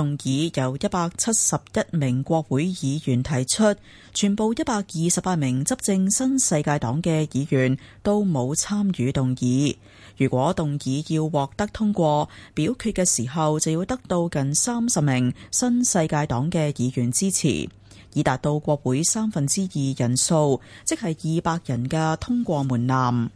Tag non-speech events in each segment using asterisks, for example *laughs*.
動議由一百七十一名國會議員提出，全部一百二十八名執政新世界黨嘅議員都冇參與動議。如果動議要獲得通過，表決嘅時候就要得到近三十名新世界黨嘅議員支持，以達到國會三分之二人數，即係二百人嘅通過門檻。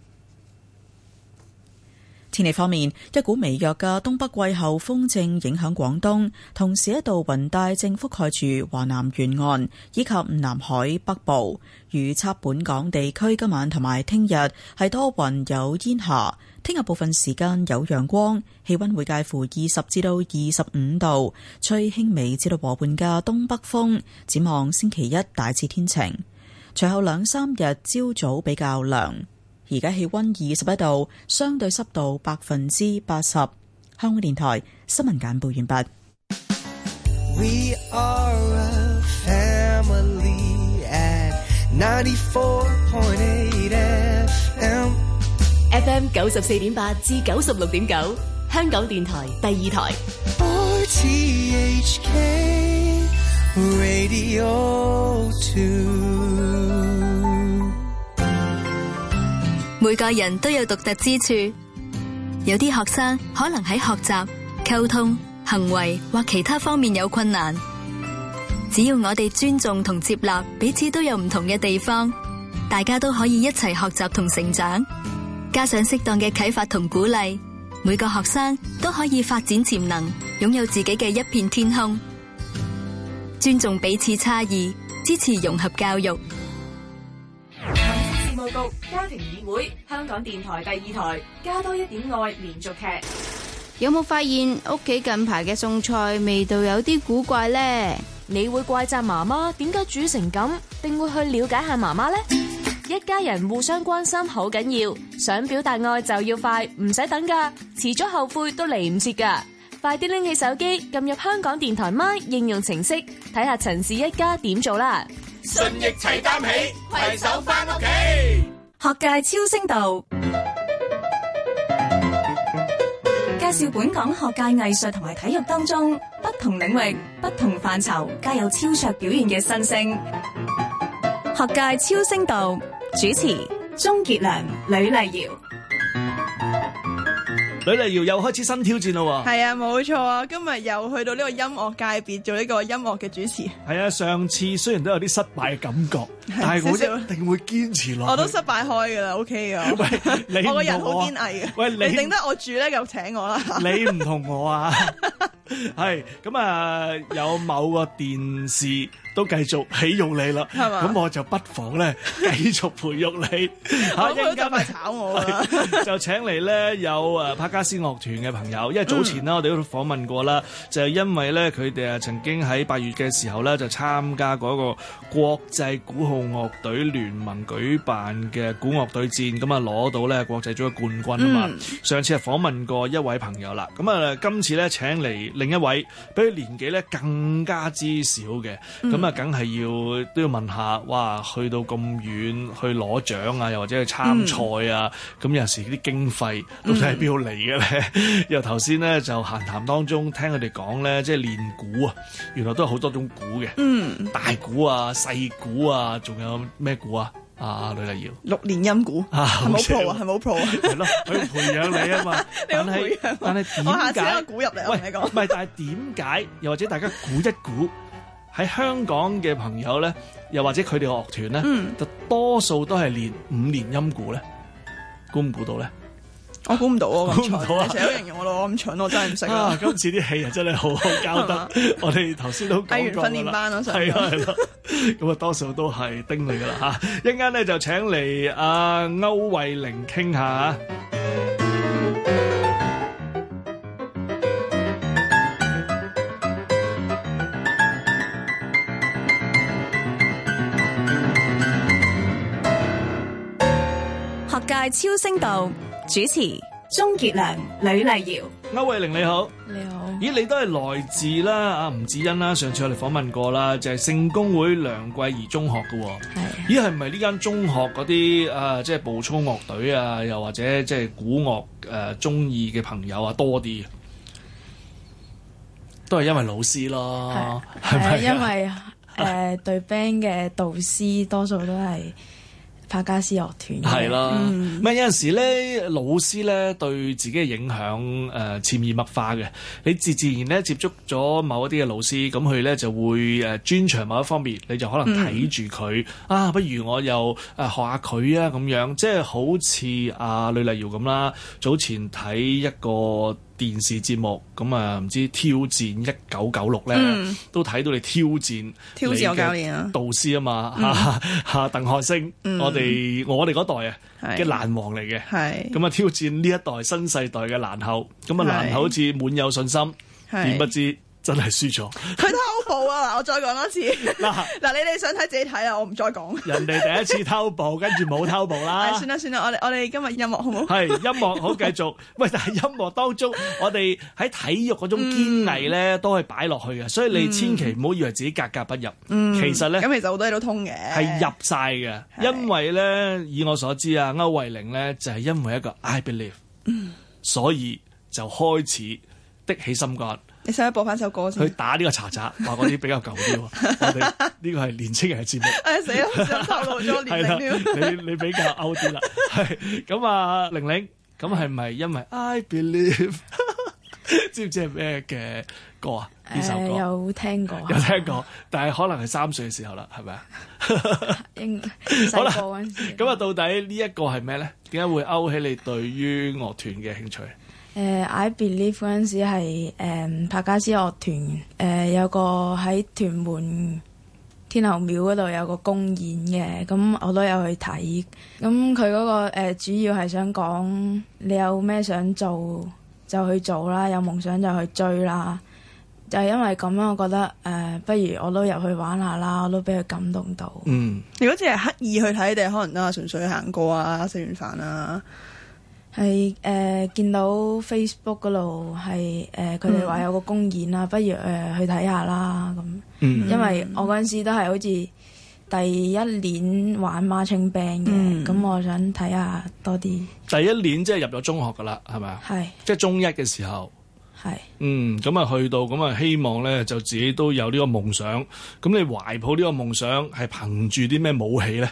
天氣方面，一股微弱嘅東北季候風正影響廣東，同時一道雲帶正覆蓋住華南沿岸以及南海北部。預測本港地區今晚同埋聽日係多雲有煙霞，聽日部分時間有陽光，氣溫會介乎二十至到二十五度，吹輕微至到和緩嘅東北風。展望星期一，大致天晴，隨後兩三日朝早比較涼。而家氣溫二十一度，相對濕度百分之八十。香港電台新聞簡報完畢。FM 九十四點八至九十六點九，香港電台第二台。每個人都有獨特之處，有啲學生可能喺學習、溝通、行為或其他方面有困難。只要我哋尊重同接納，彼此都有唔同嘅地方，大家都可以一齊學習同成長。加上適當嘅啟發同鼓勵，每個學生都可以發展潛能，擁有自己嘅一片天空。尊重彼此差異，支持融合教育。報道家庭議會，香港電台第二台加多一點愛連續劇。有冇發現屋企近排嘅餸菜味道有啲古怪呢？你會怪責媽媽點解煮成咁，定會去了解下媽媽呢？一家人互相關心好緊要，想表達愛就要快，唔使等㗎，遲咗後悔都嚟唔切㗎。快啲拎起手機，進入香港電台 My 應用程式，睇下陳氏一家點做啦。順逆齊擔起，攜手翻屋企。學界超聲道介紹本港學界藝術同埋體育，當中不同領域、不同範疇皆有超卓表現嘅新星。學界超聲道主持鍾傑良、呂麗瑤。呂麗瑤又開始新挑戰咯喎！係啊，冇錯啊，今日又去到呢個音樂界別做呢個音樂嘅主持。係啊、嗯，上次雖然都有啲失敗嘅感覺，是但係我一定會堅持落去。我都失敗開噶啦，OK 噶。喂你我，我個人好堅毅嘅。喂，你頂得我住咧，又請我啦。你唔同我啊？係咁啊，有某個電視。都繼續起用你啦，咁吧我就不妨咧繼續培育你。吓，一陣間咪炒我啦， *laughs* 就請嚟咧有誒帕加斯樂團嘅朋友，因為早前咧、嗯、我哋都訪問過啦，就係、是、因為咧佢哋啊曾經喺八月嘅時候咧就參加過一個國際鼓號樂隊聯盟舉辦嘅鼓樂隊戰，咁啊攞到咧國際組嘅冠軍啊嘛。嗯、上次係訪問過一位朋友啦，咁啊今次咧請嚟另一位，比佢年紀咧更加之少嘅，咁、嗯。梗係要都要問下，哇！去到咁遠去攞獎啊，又或者去參賽啊，咁有陣時啲經費到底係邊度嚟嘅咧？由頭先咧就閒談當中聽佢哋講咧，即係練鼓啊，原來都有好多種鼓嘅，嗯，大鼓啊、細鼓啊，仲有咩鼓啊？啊，呂麗瑤，六連音鼓啊，冇譜啊，係冇譜啊，係咯，佢培養你啊嘛。但係，但係點？我下鼓入嚟，喂，你講，唔係，但係點解？又或者大家估一估。喺香港嘅朋友咧，又或者佢哋嘅樂團咧，就多數都係練五年音鼓咧，估唔估到咧？我估唔到啊！估唔到啊！你成日都形容我老咁蠢，我真係唔識啊！今次啲戲啊真係好好交得，我哋頭先都講過啦。藝員訓練班啦，係啊係啊，咁啊多數都係叮你噶啦嚇，一陣間咧就請嚟阿歐慧靈傾下啊！係超聲道主持鍾傑良、呂麗瑤、歐慧靈，你好，你好，咦，你都係來自啦阿吳子欣啦，上次我哋訪問過啦，就係聖公會梁季彝中學噶，係、啊，咦，係咪呢間中學嗰啲啊，即係步操樂隊啊，又或者即係鼓樂誒，中意嘅朋友啊多啲，都係因為老師咯，係咪、啊啊啊、因為誒、 *laughs* 呃，對 band 嘅導師多數都係。珀珈斯樂團係啦，咪有陣時咧，老師咧對自己嘅影響誒潛移默化嘅。你自自然咧接觸咗某一啲嘅老師，咁佢咧就會誒專長某一方面，你就可能睇住佢啊。不如我又誒學下佢啊，咁樣即係好似阿呂麗瑤咁啦。早前睇一個。電視節目咁啊，唔知挑戰一九九六咧，都睇到你挑戰挑戰教練啊，導師啊嘛。嚇嚇鄧漢升，我哋我哋嗰代啊嘅欄王嚟嘅，咁啊挑戰呢一代新世代嘅欄后，咁啊欄后好似滿有信心，然不知。真係輸咗，佢偷步啊！嗱，我再講多次嗱，嗱，你哋想睇自己睇啊，我唔再講。人哋第一次偷步，跟住冇偷步啦。唉，算啦算啦，我我哋今日音樂好唔好？係音樂好，繼續喂。但係音樂當中，我哋喺體育嗰種堅毅咧，都係擺落去嘅，所以你千祈唔好以為自己格格不入。嗯，其實咧咁，其實好多嘢都通嘅，係入晒嘅。因為咧，以我所知啊，歐慧靈咧就係因為一個 I Believe，所以就開始的起心肝。你想去播翻首歌先？去打呢個查查，話嗰啲比較舊啲。我哋呢個係年青人嘅節目。死 *laughs* 啦，係你你比較 out 啲啦。係咁啊，玲玲，咁係咪因為 I Believe？知唔知係咩嘅歌啊？呢、 *laughs* 呃、首歌有聽過。有聽過，但係可能係三歲嘅時候啦，係咪啊？應細個嗰陣時。咁啊，到底呢一個係咩咧？點解會勾起你對於樂團嘅興趣？誒、uh, I believe 嗰陣時係珀珈斯樂團誒、uh, 有個喺屯門天后廟嗰度有個公演嘅，咁我都有去睇。咁佢嗰個、uh, 主要係想講你有咩想做就去做啦，有夢想就去追啦。就係、是、因為咁啦，我覺得誒，uh, 不如我都入去玩下啦，我都俾佢感動到。嗯，你嗰次係刻意去睇定可能都係純粹行過啊，食完飯啊？係誒、呃，見到 Facebook 嗰度係誒，佢哋話有個公演啊，嗯、不如誒、呃、去睇下啦咁。嗯、因為我嗰陣時都係好似第一年玩 marching band 嘅，咁、嗯、我想睇下多啲。第一年即係入咗中學噶啦，係咪啊？係是即係中一嘅時候。係是。嗯，咁啊去到，咁啊希望咧就自己都有呢個夢想。咁你懷抱呢個夢想，係憑住啲咩武器咧？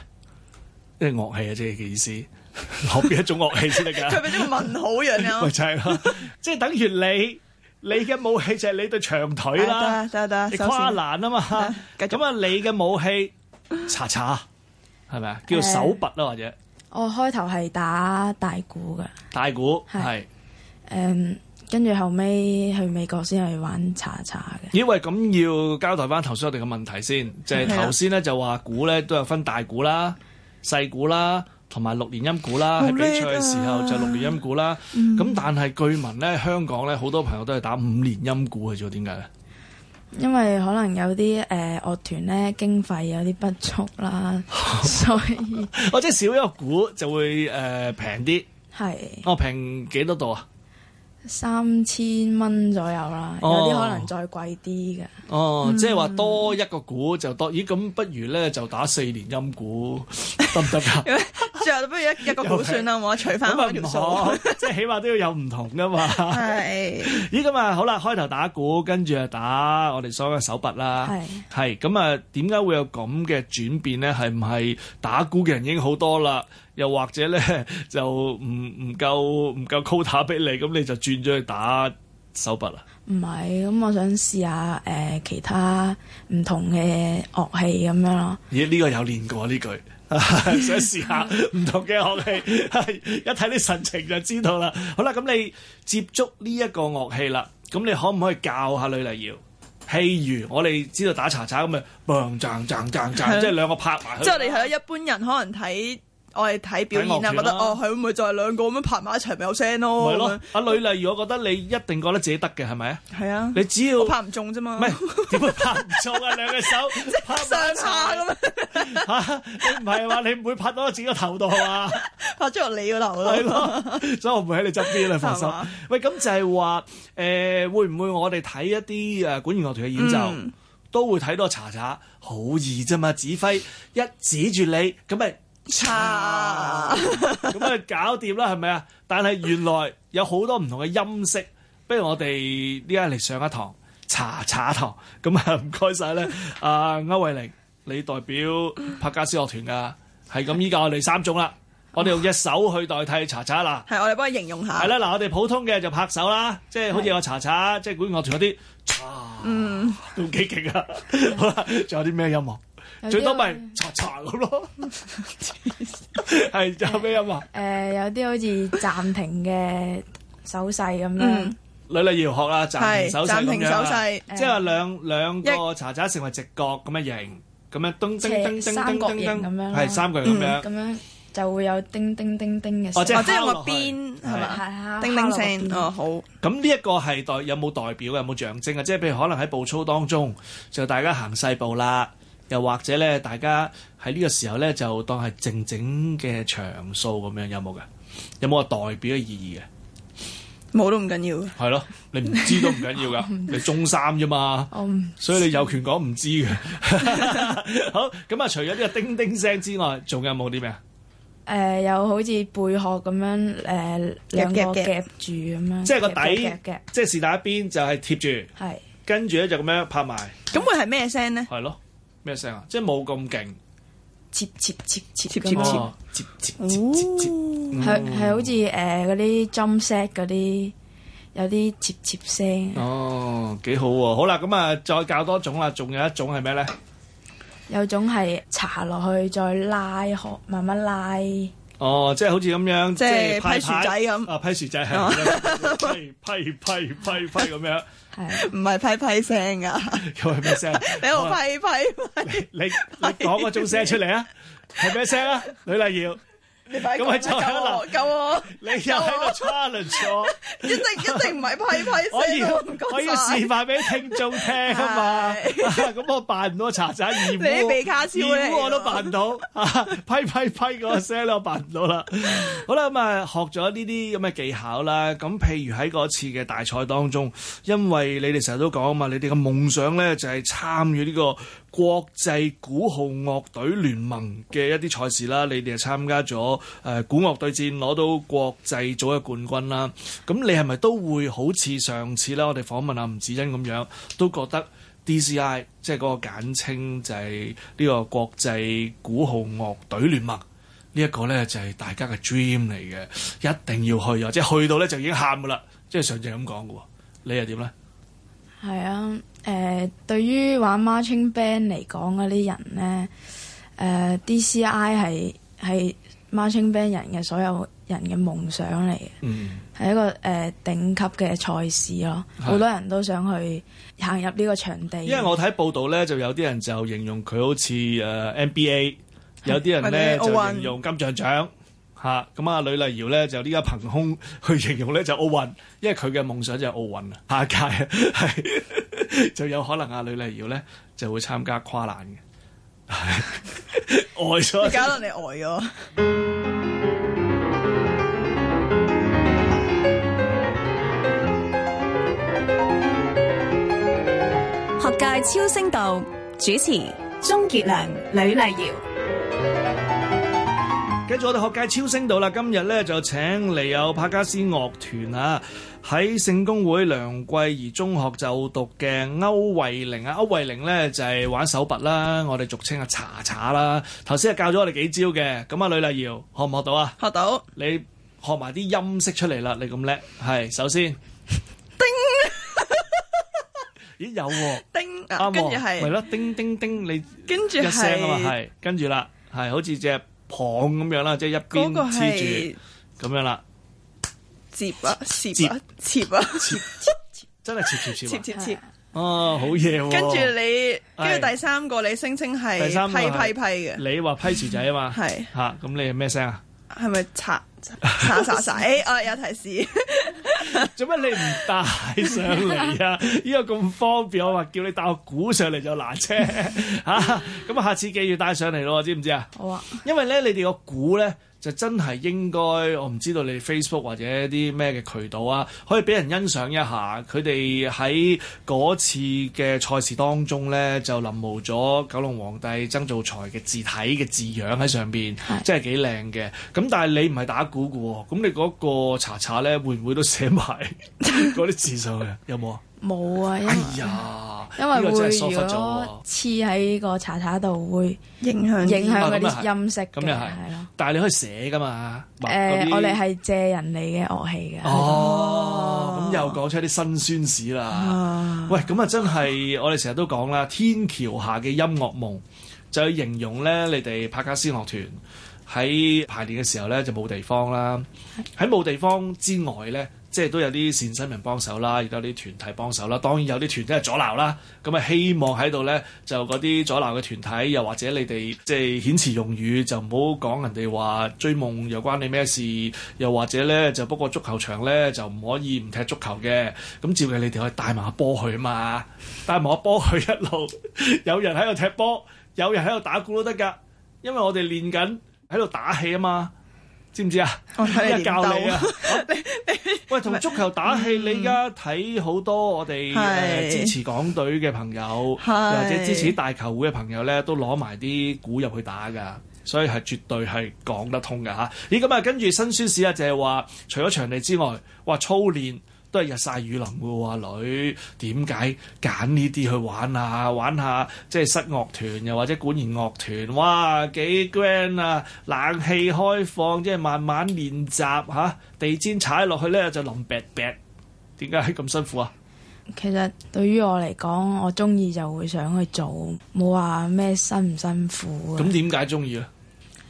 即係樂器啊，即係嘅意思。學邊 *laughs* 一種樂器先得噶？佢係咪啲問好人樣？咪 *laughs* *laughs* *laughs* 就係咯，即係等於你，你嘅武器就係你對長腿啦，得得得，你跨欄啊嘛，咁啊，你嘅武器查查，係咪啊？叫做手拔啊、嗯、或者？我開頭係打大鼓噶，大鼓係，誒是，跟住、嗯、後尾去美國先係玩查查嘅。咦？喂，咁要交代翻頭先我哋嘅問題先，就係頭先咧就話鼓咧都有分大鼓啦、細鼓啦。 *music* 同埋六年音鼓啦，喺、啊、比賽嘅時候就六年音鼓啦。咁、嗯、但係據聞咧，香港咧好多朋友都係打五年音鼓去啫，點解咧？因為可能有啲誒、呃、樂團咧經費有啲不足啦， *laughs* 所以或者、 *laughs* *laughs* 哦、少一個鼓就會誒平啲。係、呃，是哦平幾多度啊？三千蚊左右啦，哦、有啲可能再貴啲嘅。哦，嗯、即係話多一個鼓就多，咦咁不如咧就打四年陰鼓，得唔得啊？ *laughs* 最後不如一一個鼓算啦，我除翻嗰條數，即係起碼都要有唔同噶嘛。係是， *laughs* 咦咁啊好啦，開頭打鼓，跟住啊打我哋所有手筆啦。係是，係咁啊？點解會有咁嘅轉變咧？係唔係打鼓嘅人已經好多啦？又或者咧就唔唔夠唔夠 quota 俾你，咁你就轉咗去打手筆啦？唔係，咁、嗯、我想試下誒其他唔同嘅樂器咁樣咯。咦？呢個有練過呢句，哈哈想試下唔同嘅樂器。 *laughs* *laughs* 一睇你神情就知道啦。好啦，咁你接觸呢一個樂器啦，咁你可唔可以教下呂麗瑤？譬如我哋知道打查查咁啊 bang bang bang bang 即係兩個拍埋。即係你係一般人可能睇。我哋睇表演啊，覺得哦，佢會唔會再係兩個咁樣拍埋一齊咪有聲咯？係咯。阿呂麗瑤，我覺得你一定覺得自己得嘅，係咪啊？係啊，你只要拍唔中啫嘛。唔係點會拍唔中啊？兩隻手拍上下咁樣吓？你唔係話你唔會拍到我自己個頭度係嘛？拍咗落你個頭度咯。所以我唔會喺你側邊，你放心。喂，咁就係話誒，會唔會我哋睇一啲誒管弦樂團嘅演奏，都會睇多查查，好易啫嘛？指揮一指住你，咁咪。茶咁啊，樣搞掂啦，係咪啊？但係原來有好多唔同嘅音色，不如我哋呢家嚟上一堂查查堂，咁啊唔該晒咧。阿歐慧靈，你代表珀珈斯樂團噶，係咁依家我哋三種啦，我哋用一手去代替查查啦。係、嗯、我哋幫佢形容下。係啦，嗱、呃，我哋普通嘅就拍手啦，即係好似我查查，即係管樂團嗰啲。茶嗯，都幾勁啊！ *laughs* 好啦，仲有啲咩音樂？最多咪查查咁咯，係有咩音啊？誒，有啲好似暫停嘅手勢咁樣。嗯，女女要學啦，暫停手勢咁樣。暫停手勢，即係兩兩個查查成為直角咁嘅形，咁樣叮叮叮叮叮叮咁樣，係三角形咁樣。咁樣就會有叮叮叮叮嘅。哦，即係敲落係。哦，即係個邊係嘛？係敲敲落。哦，好。咁呢一個係代有冇代表有冇象徵啊？即係譬如可能喺步操當中就大家行細步啦。又或者咧，大家喺呢個時候咧，就當係靜靜嘅長數咁樣，有冇㗎？有冇個代表嘅意義嘅？冇都唔緊要。係咯，你唔知都唔緊要噶，你中三啫嘛。所以你有權講唔知嘅。好，咁啊，除咗呢個叮叮聲之外，仲有冇啲咩啊？誒，有好似貝殼咁樣，誒，兩個夾住咁樣。即係個底，即係是打一邊就係貼住。係。跟住咧就咁樣拍埋。咁會係咩聲咧？係咯。咩聲啊？即係冇咁勁，切切切切切切切切，係係好似誒嗰啲針聲嗰啲，有啲切切聲。哦，幾好喎！好啦，咁啊，再教多種啦，仲有一種係咩咧？有種係搽落去，再拉，可慢慢拉。哦，即係好似咁樣，即係批薯仔咁。這個喔、啊，批薯仔係批批批批咁樣，係唔係批批聲㗎？又係咩聲？你又批批批，你講嗰種聲出嚟啊？係咩聲啊？呂麗瑤。你咁咪真夠啦，救我，你又喺度 challenge 我，一定一定唔係批批聲， *laughs* 我要我要示範俾聽眾聽啊嘛，咁 *laughs* 我扮唔到查查二五，二五我都扮唔到，批批批嗰個聲咧我扮唔到啦。好啦，咁啊學咗呢啲咁嘅技巧啦，咁譬如喺嗰次嘅大賽當中，因為你哋成日都講啊嘛，你哋嘅夢想咧就係參與呢個。國際鼓號樂隊聯盟嘅一啲賽事啦，你哋係參加咗誒鼓樂對戰，攞到國際組嘅冠軍啦。咁你係咪都會好似上次呢？我哋訪問阿、啊、吳子欣咁樣，都覺得 DCI 即係嗰個簡稱就係呢個國際鼓號樂隊聯盟呢一、這個呢，就係、是、大家嘅 dream 嚟嘅，一定要去啊！即係去到呢，就已經喊噶啦，即、就、係、是、上次咁講㗎喎。你又點呢？係啊。誒、uh, 對於玩 Marching Band 嚟講嗰啲人咧，誒 DCI 係係 Marching Band 人嘅所有人嘅夢想嚟嘅，係、mm hmm. 一個誒、呃、頂級嘅賽事咯。好多人都想去行入呢個場地。因為我睇報道咧，就有啲人就形容佢好似誒 NBA，有啲人咧就形容金像獎嚇。咁啊，嗯、呂麗瑤咧就呢家憑空去形容咧就奧運，因為佢嘅夢想就係奧運啊，下一屆 *laughs* *laughs* 就有可能阿呂麗瑤咧就會參加跨欄嘅， *laughs* *laughs* 呆咗搞到你呆咗。 *laughs* 學界超聲道主持鍾傑良、呂麗瑤。跟住我哋學界超聲到啦，今日咧就請嚟有珀珈斯樂團啊，喺聖公會梁季彝中學就讀嘅歐慧靈啊，歐慧靈咧就係玩手拔，啦，我哋俗稱啊查查啦。頭先係教咗我哋幾招嘅，咁啊呂麗瑤學唔學到啊？學到，你學埋啲音色出嚟啦，你咁叻，係首先，叮，咦有喎，叮，跟住係，咪咯，叮叮叮，你跟住一聲啊嘛係，係跟住啦，係好似只。巷咁樣啦，即係一邊黐住咁樣啦，折啊，折啊，折啊，真係折折折，折折折，截截截啊、哦，好嘢喎！跟住你，跟住第三個你聲稱係批批批嘅。你話批薯仔啊嘛，係吓 *laughs* 是，咁你係咩聲啊？係咪拆拆拆拆？我、 *laughs* 哎、有提示，做 *laughs* 乜你唔帶上嚟啊？依個咁方便，我話叫你帶個鼓上嚟就難車吓。咁啊，下次記住帶上嚟咯，知唔知啊？好啊，因為咧，你哋個鼓咧。就真係應該，我唔知道你 Facebook 或者啲咩嘅渠道啊，可以俾人欣賞一下佢哋喺嗰次嘅賽事當中呢，就臨摹咗九龍皇帝曾灶財嘅字體嘅字樣喺上邊，是真係幾靚嘅。咁但係你唔係打鼓嘅喎、哦，咁你嗰個查查呢，會唔會都寫埋嗰啲字上去？有冇啊？冇啊，因為因為會如果黐喺個茶茶度會影響影響嗰啲音色嘅，係咯。的但係你可以寫噶嘛。誒、uh, 些，我哋係借人哋嘅樂器噶。對對哦，咁、嗯哦、又講出一啲辛酸史啦。啊、喂，咁啊真係我哋成日都講啦，天橋下嘅音樂夢就去、是、形容咧，你哋珀珈斯樂團喺排練嘅時候咧就冇地方啦。喺冇地方之外咧。即係都有啲善心人幫手啦，亦都有啲團體幫手啦。當然有啲團體係阻撓啦，咁啊希望喺度呢，就嗰啲阻撓嘅團體，又或者你哋即係遣詞用語就唔好講人哋話追夢又關你咩事，又或者呢，就不過足球場呢，就唔可以唔踢足球嘅。咁照計你哋可以帶埋波去嘛，帶埋波去一路， *laughs* 有人喺度踢波，有人喺度打鼓都得㗎，因為我哋練緊喺度打氣啊嘛。知唔知啊？我睇下教你啊！ *laughs* 你你喂，同足球打氣，嗯、你而家睇好多我哋是、呃、支持港隊嘅朋友，又是或者支持大球會嘅朋友咧，都攞埋啲鼓入去打噶，所以係絕對係講得通嘅吓。咦，咁啊，欸、跟住新宣示啊，就係話除咗場地之外，話操練。都係日曬雨淋喎，阿女點解揀呢啲去玩啊？玩下即係室樂團又或者管弦樂團，哇幾 grand 啊！冷氣開放即係慢慢練習吓、啊，地氈踩落去呢，就腍啤啤。點解係咁辛苦啊？其實對於我嚟講，我中意就會想去做，冇話咩辛唔辛苦。咁點解中意咧？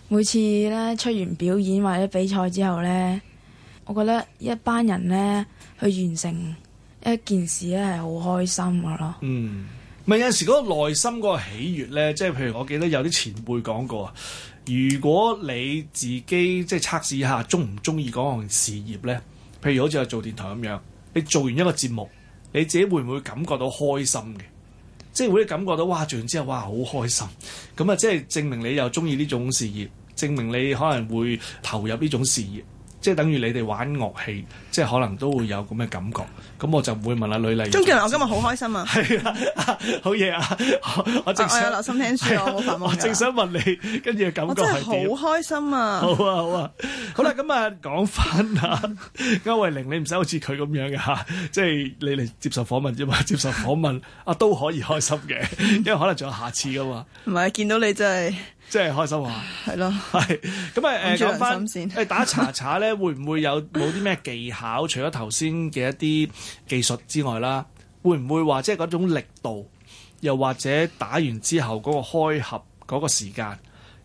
每次呢，出完表演或者比賽之後呢。我覺得一班人咧，去完成一件事咧，係好開心噶咯。嗯，咪有陣時嗰個內心嗰個喜悅咧，即係譬如我記得有啲前輩講過啊，如果你自己即係測試下中唔中意嗰項事業咧，譬如好似我做電台咁樣，你做完一個節目，你自己會唔會感覺到開心嘅？即係會感覺到哇，做完之後哇，好開心。咁啊，即係證明你又中意呢種事業，證明你可能會投入呢種事業。即係等於你哋玩樂器，即係可能都會有咁嘅感覺。咁我就會問阿呂麗。鍾傑良，我今日好開心啊！係 *laughs* 啊，好、啊、嘢啊！我，我正我，我有留心聽、啊、我，我正想問你，跟住嘅感覺係真係好開心啊，好啊！好啊，好啊！ *laughs* 好啦，咁啊，講翻啊，歐慧靈，你唔使好似佢咁樣嘅嚇，即係你嚟接受訪問啫嘛，接受訪問啊，啊都可以開心嘅，因為可能仲有下次噶嘛。唔係 *laughs* 見到你真係～即係開心話、啊，係咯了，係咁誒講翻打查查咧，會唔會有冇啲咩技巧？除咗頭先嘅一啲技術之外啦，會唔會話即係嗰種力度，又或者打完之後嗰個開合嗰個時間，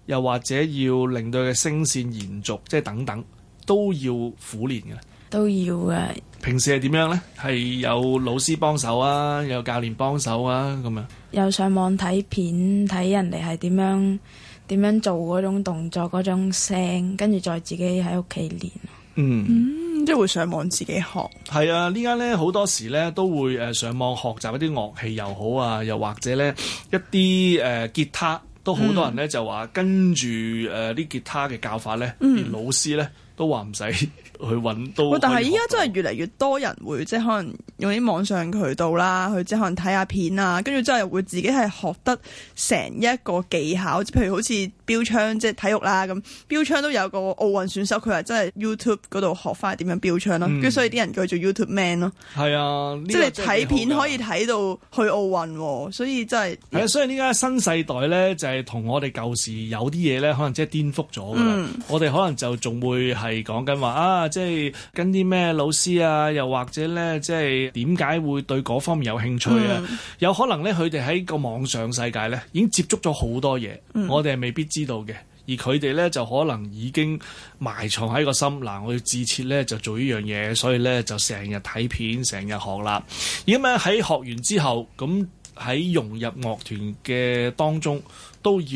又或者要令到嘅聲線延續，即係等等，都要苦練嘅。都要嘅。平時係點樣咧？係有老師幫手啊，有教練幫手啊，咁樣。又上網睇片，睇人哋係點樣。點樣做嗰種動作、嗰種聲，跟住再自己喺屋企練。嗯，即係、嗯、會上網自己學。係啊，呢家咧好多時咧都會誒上網學習一啲樂器又好啊，又或者咧一啲誒、呃、吉他都好多人咧、嗯、就話跟住誒啲吉他嘅教法咧，連、嗯、老師咧。都話唔使去揾到，哦、但係依家真係越嚟越多人會即係可能用啲網上渠道啦，去即係可能睇下片啊，跟住之後又會自己係學得成一個技巧，即譬如好似標槍即係體育啦咁，標槍都有個奧運選手，佢話真係 YouTube 嗰度學翻點樣標槍咯，跟住、嗯、所以啲人叫做 YouTube man 咯。係啊，這個、即係你睇片可以睇到去奧運，所以真係。係啊，所以依家、啊、新世代咧就係、是、同我哋舊時有啲嘢咧，可能即係顛覆咗、嗯、我哋可能就仲會係講緊話啊，即係跟啲咩老師啊，又或者咧，即係點解會對嗰方面有興趣啊？Mm hmm. 有可能咧，佢哋喺個網上世界咧，已經接觸咗好多嘢，mm hmm. 我哋係未必知道嘅，而佢哋咧就可能已經埋藏喺個心嗱、啊，我要自設咧就做呢樣嘢，所以咧就成日睇片，成日學啦。而家咧喺學完之後，咁、嗯。喺融入樂團嘅當中都要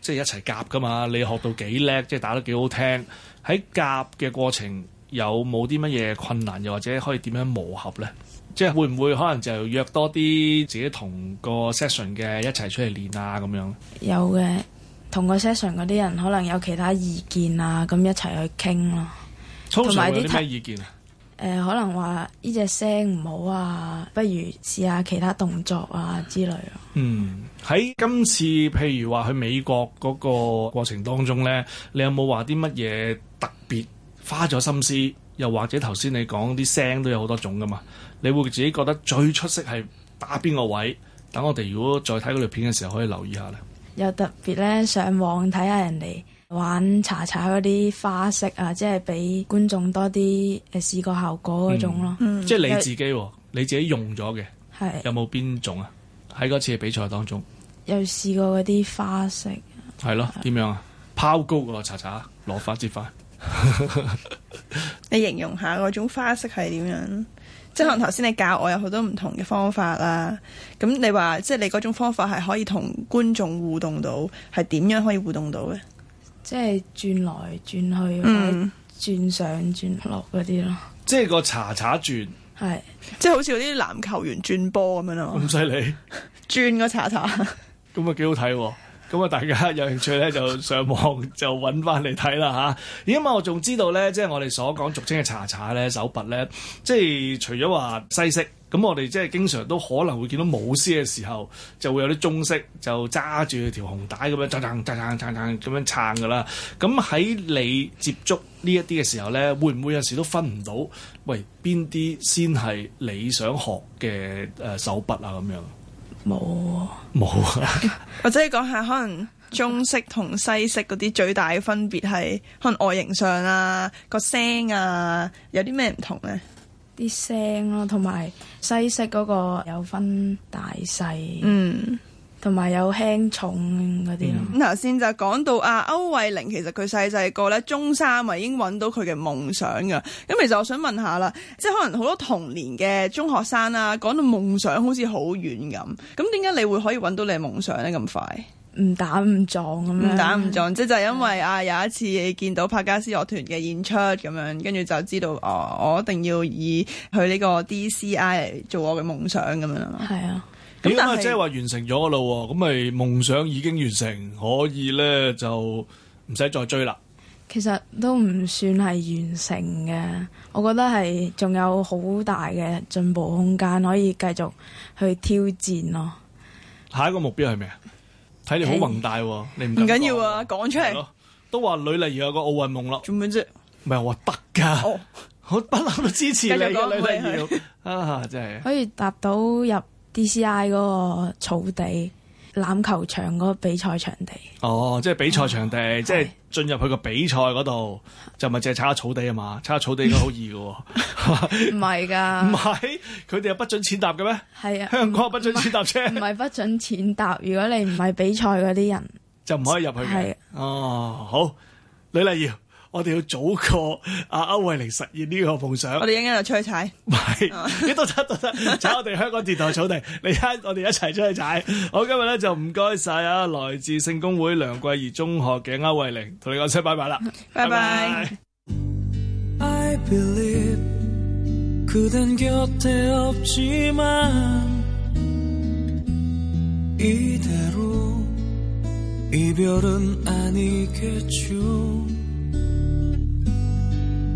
即係一齊夾噶嘛，你學到幾叻，即係打得幾好聽。喺夾嘅過程有冇啲乜嘢困難，又或者可以點樣磨合咧？即係會唔會可能就約多啲自己同個 session 嘅一齊出嚟練啊？咁樣有嘅，同個 session 嗰啲人可能有其他意見啊，咁一齊去傾咯。通常會有啲咩意見啊？誒、呃、可能話呢隻聲唔好啊，不如試下其他動作啊之類咯、啊。嗯，喺今次譬如話去美國嗰個過程當中呢，你有冇話啲乜嘢特別花咗心思？又或者頭先你講啲聲都有好多種噶嘛？你會自己覺得最出色係打邊個位？等我哋如果再睇嗰條片嘅時候，可以留意下呢。有特別呢，上網睇下人哋。玩查查嗰啲花式啊，即係俾觀眾多啲誒試過效果嗰種咯。嗯嗯、即係你自己，又你自己用咗嘅，係又有冇邊種啊？喺嗰次嘅比賽當中，有試過嗰啲花式係咯？點了是樣啊？拋高個查查，攞花接花。 *laughs* 你形容下嗰種花式係點樣？即係可能頭先你教我有好多唔同嘅方法啦。咁你話即係你嗰種方法係可以同觀眾互動到，係點樣可以互動到嘅？即係轉來轉去，轉上轉落嗰啲咯。即係個查查轉，係即係好似嗰啲籃球員轉波咁樣咯。咁犀利，轉 *laughs* 個查查，咁啊幾好睇。咁啊，大家有興趣咧就上網就搵翻嚟睇啦吓。因為，我仲知道咧，即係我哋所講俗稱嘅查查咧，手拔咧，即係除咗話西式。咁我哋即係經常都可能會見到舞獅嘅時候，就會有啲中式就揸住條紅帶咁樣，撐撐撐撐咁樣撐噶啦。咁喺你接觸呢一啲嘅時候咧，會唔會有時都分唔到？喂，邊啲先係你想學嘅誒手筆啊？咁樣冇冇？或者你講下可能中式同西式嗰啲最大分別係可能外形上啊，個聲啊，有啲咩唔同咧？啲聲咯，同埋西式嗰個有分大細，嗯，同埋有輕重嗰啲咯。咁頭先就講到阿歐慧靈，其實佢細細個咧，中三啊已經揾到佢嘅夢想噶。咁其實我想問下啦，即係可能好多童年嘅中學生啦，講到夢想好似好遠咁，咁點解你會可以揾到你嘅夢想咧咁快？唔打唔撞咁樣，唔打唔撞，即係就因為、嗯、啊，有一次你見到珀珈斯樂團嘅演出咁樣，跟住就知道哦、啊，我一定要以去呢個 D C I 嚟做我嘅夢想咁樣啦。係啊，咁、嗯、但係即係話完成咗嘅咯，咁咪夢想已經完成，可以咧就唔使再追啦。其實都唔算係完成嘅，我覺得係仲有好大嘅進步空間，可以繼續去挑戰咯。下一個目標係咩啊？睇你好宏大，欸、你唔緊要啊，講出嚟。都話呂麗瑤有個奧運夢啦，做咩啫？唔係我話得噶，我不嬲、哦、 *laughs* 都支持你，呂麗瑤是是是啊，真係可以踏到入 DCI 嗰個草地。籃球場嗰個比賽場地，哦，即係比賽場地，哦、即係進入去個比賽嗰度，是就咪淨係踩草地啊嘛，踩草地應該好易嘅喎，唔係噶，唔係佢哋又不准踐踏嘅咩？係啊，香港啊、嗯，不准踐踏車，唔係 *laughs* 不，不准踐踏。如果你唔係比賽嗰啲人，就唔可以入去嘅。啊、哦，好，呂麗瑤。我哋要早過阿歐慧靈實現呢個夢想。我哋一齊度出去踩，唔係幾多踩都得，踩我哋香港電台草地。你睇我哋一齊出去踩。好，今日咧就唔該晒啊！來自聖公會梁季彝中學嘅歐慧靈，同你講聲拜拜啦，拜拜。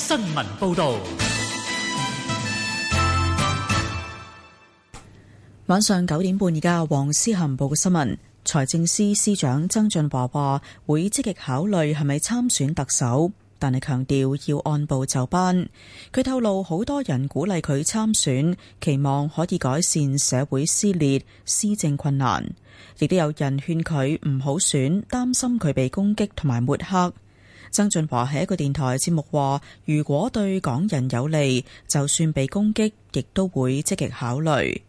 新聞報道。晚上九點半，而家黃思涵報嘅新聞，財政司司長曾俊華話會積極考慮係咪參選特首，但係強調要按部就班。佢透露好多人鼓勵佢參選，期望可以改善社會撕裂、施政困難，亦都有人勸佢唔好選，擔心佢被攻擊同埋抹黑。曾俊華喺一個電台節目話，如果對港人有利，就算被攻擊，亦都會積極考慮。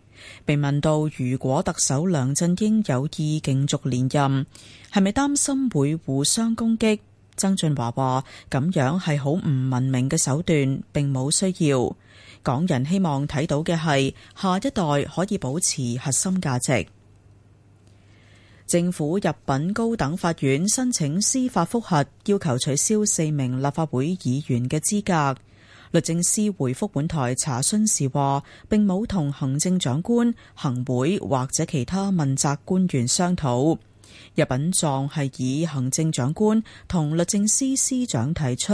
被問到如果特首梁振英有意競逐連任，係咪擔心會互相攻擊？曾俊華話，咁樣係好唔文明嘅手段，並冇需要。港人希望睇到嘅係下一代可以保持核心價值。政府入禀高等法院申請司法覆核，要求取消四名立法會議員嘅資格。律政司回覆本台查詢時話，並冇同行政長官、行會或者其他問責官員商討。入禀狀係以行政長官同律政司司長提出。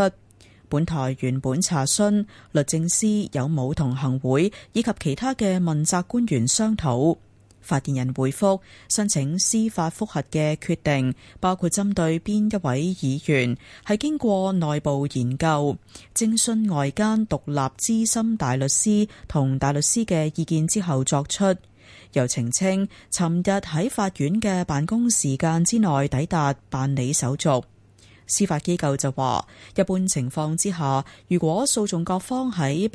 本台原本查詢律政司有冇同行會以及其他嘅問責官員商討。發言人回覆申請司法覆核嘅決定，包括針對邊一位議員係經過內部研究、徵詢外間獨立資深大律師同大律師嘅意見之後作出。又澄清，尋日喺法院嘅辦公時間之內抵達辦理手續。司法機構就話，一般情況之下，如果訴訟各方喺